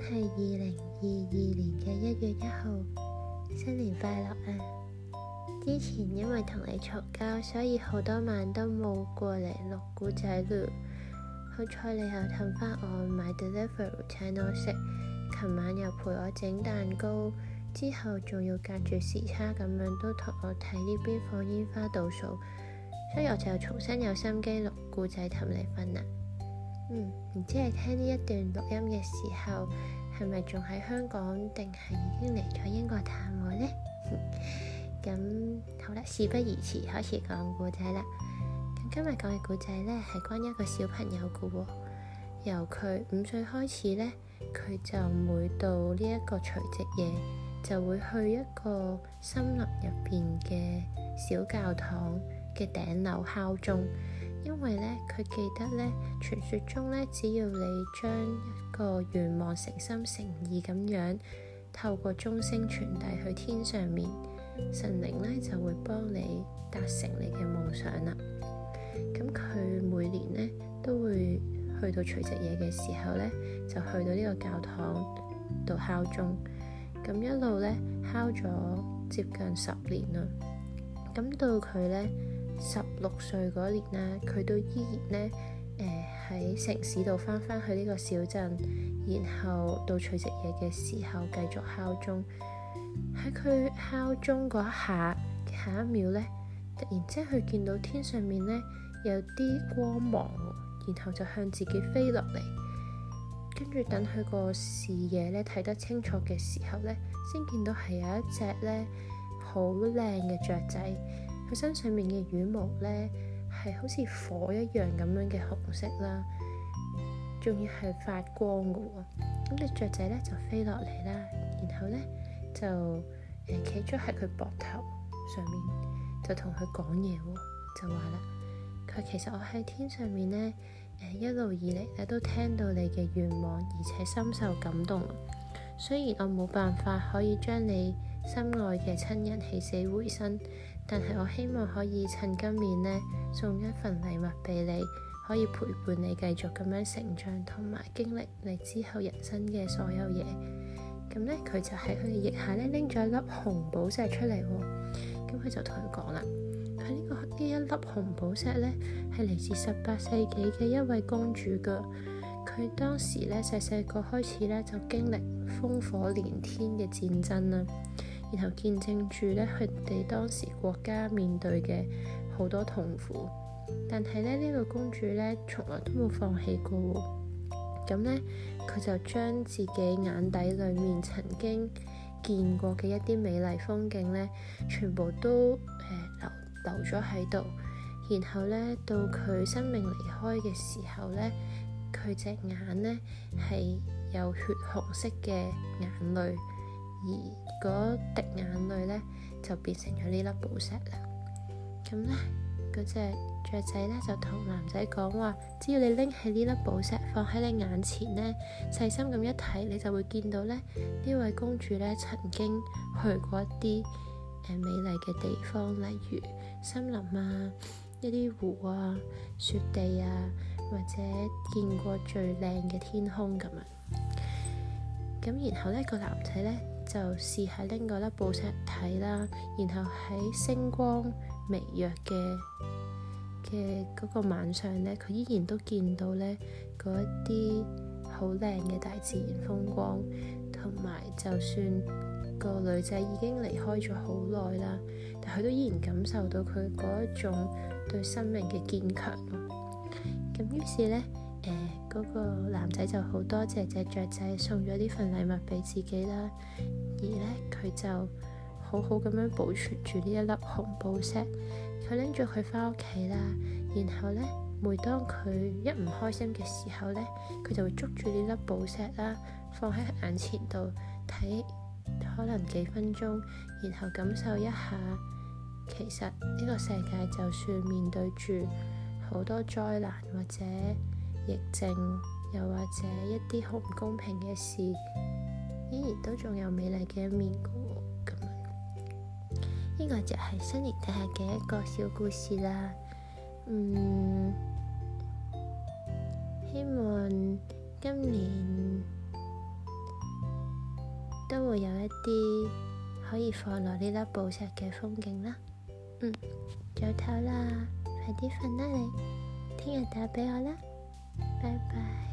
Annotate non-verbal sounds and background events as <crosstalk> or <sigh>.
係二零二二年嘅一月一號，新年快樂啊！之前因為同你嘈交，所以好多晚都冇過嚟錄故仔咯。好彩你又氹翻我買 delivery 請我食，琴晚又陪我整蛋糕，之後仲要隔住時差咁樣都同我睇呢邊放煙花倒數，所以我就重新有心機錄故仔氹你瞓啦。嗯，唔知係聽呢一段錄音嘅時候，係咪仲喺香港，定係已經嚟咗英國探我呢？咁 <laughs> 好啦，事不宜遲，開始講故仔啦。咁今日講嘅故仔呢，係關一個小朋友嘅喎、哦。由佢五歲開始呢，佢就每到呢一個除夕夜，就會去一個森林入邊嘅小教堂嘅頂樓敲鐘。因為咧，佢記得咧，傳説中咧，只要你將一個願望誠心誠意咁樣透過鐘聲傳遞去天上面，神靈咧就會幫你達成你嘅夢想啦。咁佢每年咧都會去到除夕夜嘅時候咧，就去到呢個教堂度敲鐘。咁一路咧敲咗接近十年啦。咁到佢咧。十六歲嗰年咧，佢都依然呢誒喺、呃、城市度翻返去呢個小鎮，然後到除夕夜嘅時候繼續敲鐘。喺佢敲鐘嗰一下，下一秒呢，突然之間佢見到天上面呢有啲光芒，然後就向自己飛落嚟，跟住等佢個視野咧睇得清楚嘅時候呢，先見到係有一隻呢好靚嘅雀仔。佢身上面嘅羽毛咧，係好似火一樣咁樣嘅紅色啦，仲要係發光嘅喎。咁啲雀仔咧就飛落嚟啦，然後咧就誒企咗喺佢膊頭上面，就同佢講嘢喎，就話啦：佢其實我喺天上面咧，誒一路以嚟咧都聽到你嘅願望，而且深受感動。雖然我冇辦法可以將你心愛嘅親人起死回生。但係我希望可以趁今年呢，送一份禮物俾你，可以陪伴你繼續咁樣成長同埋經歷你之後人生嘅所有嘢。咁呢，佢就喺佢腋下咧拎咗一粒紅寶石出嚟，咁佢就同佢講啦：佢呢個呢一粒紅寶石呢，係嚟自十八世紀嘅一位公主噶，佢當時呢，細細個開始呢，就經歷烽火連天嘅戰爭啦。然後見證住咧，佢哋當時國家面對嘅好多痛苦，但係咧呢、呢個公主咧，從來都冇放棄過喎。咁咧，佢就將自己眼底裡面曾經見過嘅一啲美麗風景咧，全部都誒、呃、留留咗喺度。然後咧，到佢生命離開嘅時候咧，佢隻眼咧係有血紅色嘅眼淚。而嗰滴眼淚咧就變成咗呢粒寶石啦。咁咧嗰隻雀仔咧就同男仔講話：「只要你拎起呢粒寶石放喺你眼前咧，細心咁一睇，你就會見到咧呢位公主咧曾經去過一啲誒、呃、美麗嘅地方，例如森林啊、一啲湖啊、雪地啊，或者見過最靚嘅天空咁樣。」咁然後咧、個男仔咧，就試下拎嗰粒寶石睇啦，然後喺星光微弱嘅嘅嗰個晚上呢，佢依然都見到呢嗰一啲好靚嘅大自然風光，同埋就算個女仔已經離開咗好耐啦，但佢都依然感受到佢嗰一種對生命嘅堅強。咁於是呢。誒、呃。嗰個男仔就好多謝隻雀仔送咗呢份禮物俾自己啦。而呢，佢就好好咁樣保存住呢一粒紅寶石。佢拎咗佢返屋企啦，然後呢，每當佢一唔開心嘅時候呢，佢就會捉住呢粒寶石啦，放喺眼前度睇，可能幾分鐘，然後感受一下。其實呢個世界就算面對住好多災難或者～疫症又或者一啲好唔公平嘅事，依然都仲有美麗嘅一面噶、哦、喎。咁，呢個就係新年底下嘅一個小故事啦。嗯，希望今年都會有一啲可以放落呢粒寶石嘅風景啦。嗯，早唞啦，快啲瞓啦你，聽日打畀我啦。拜拜。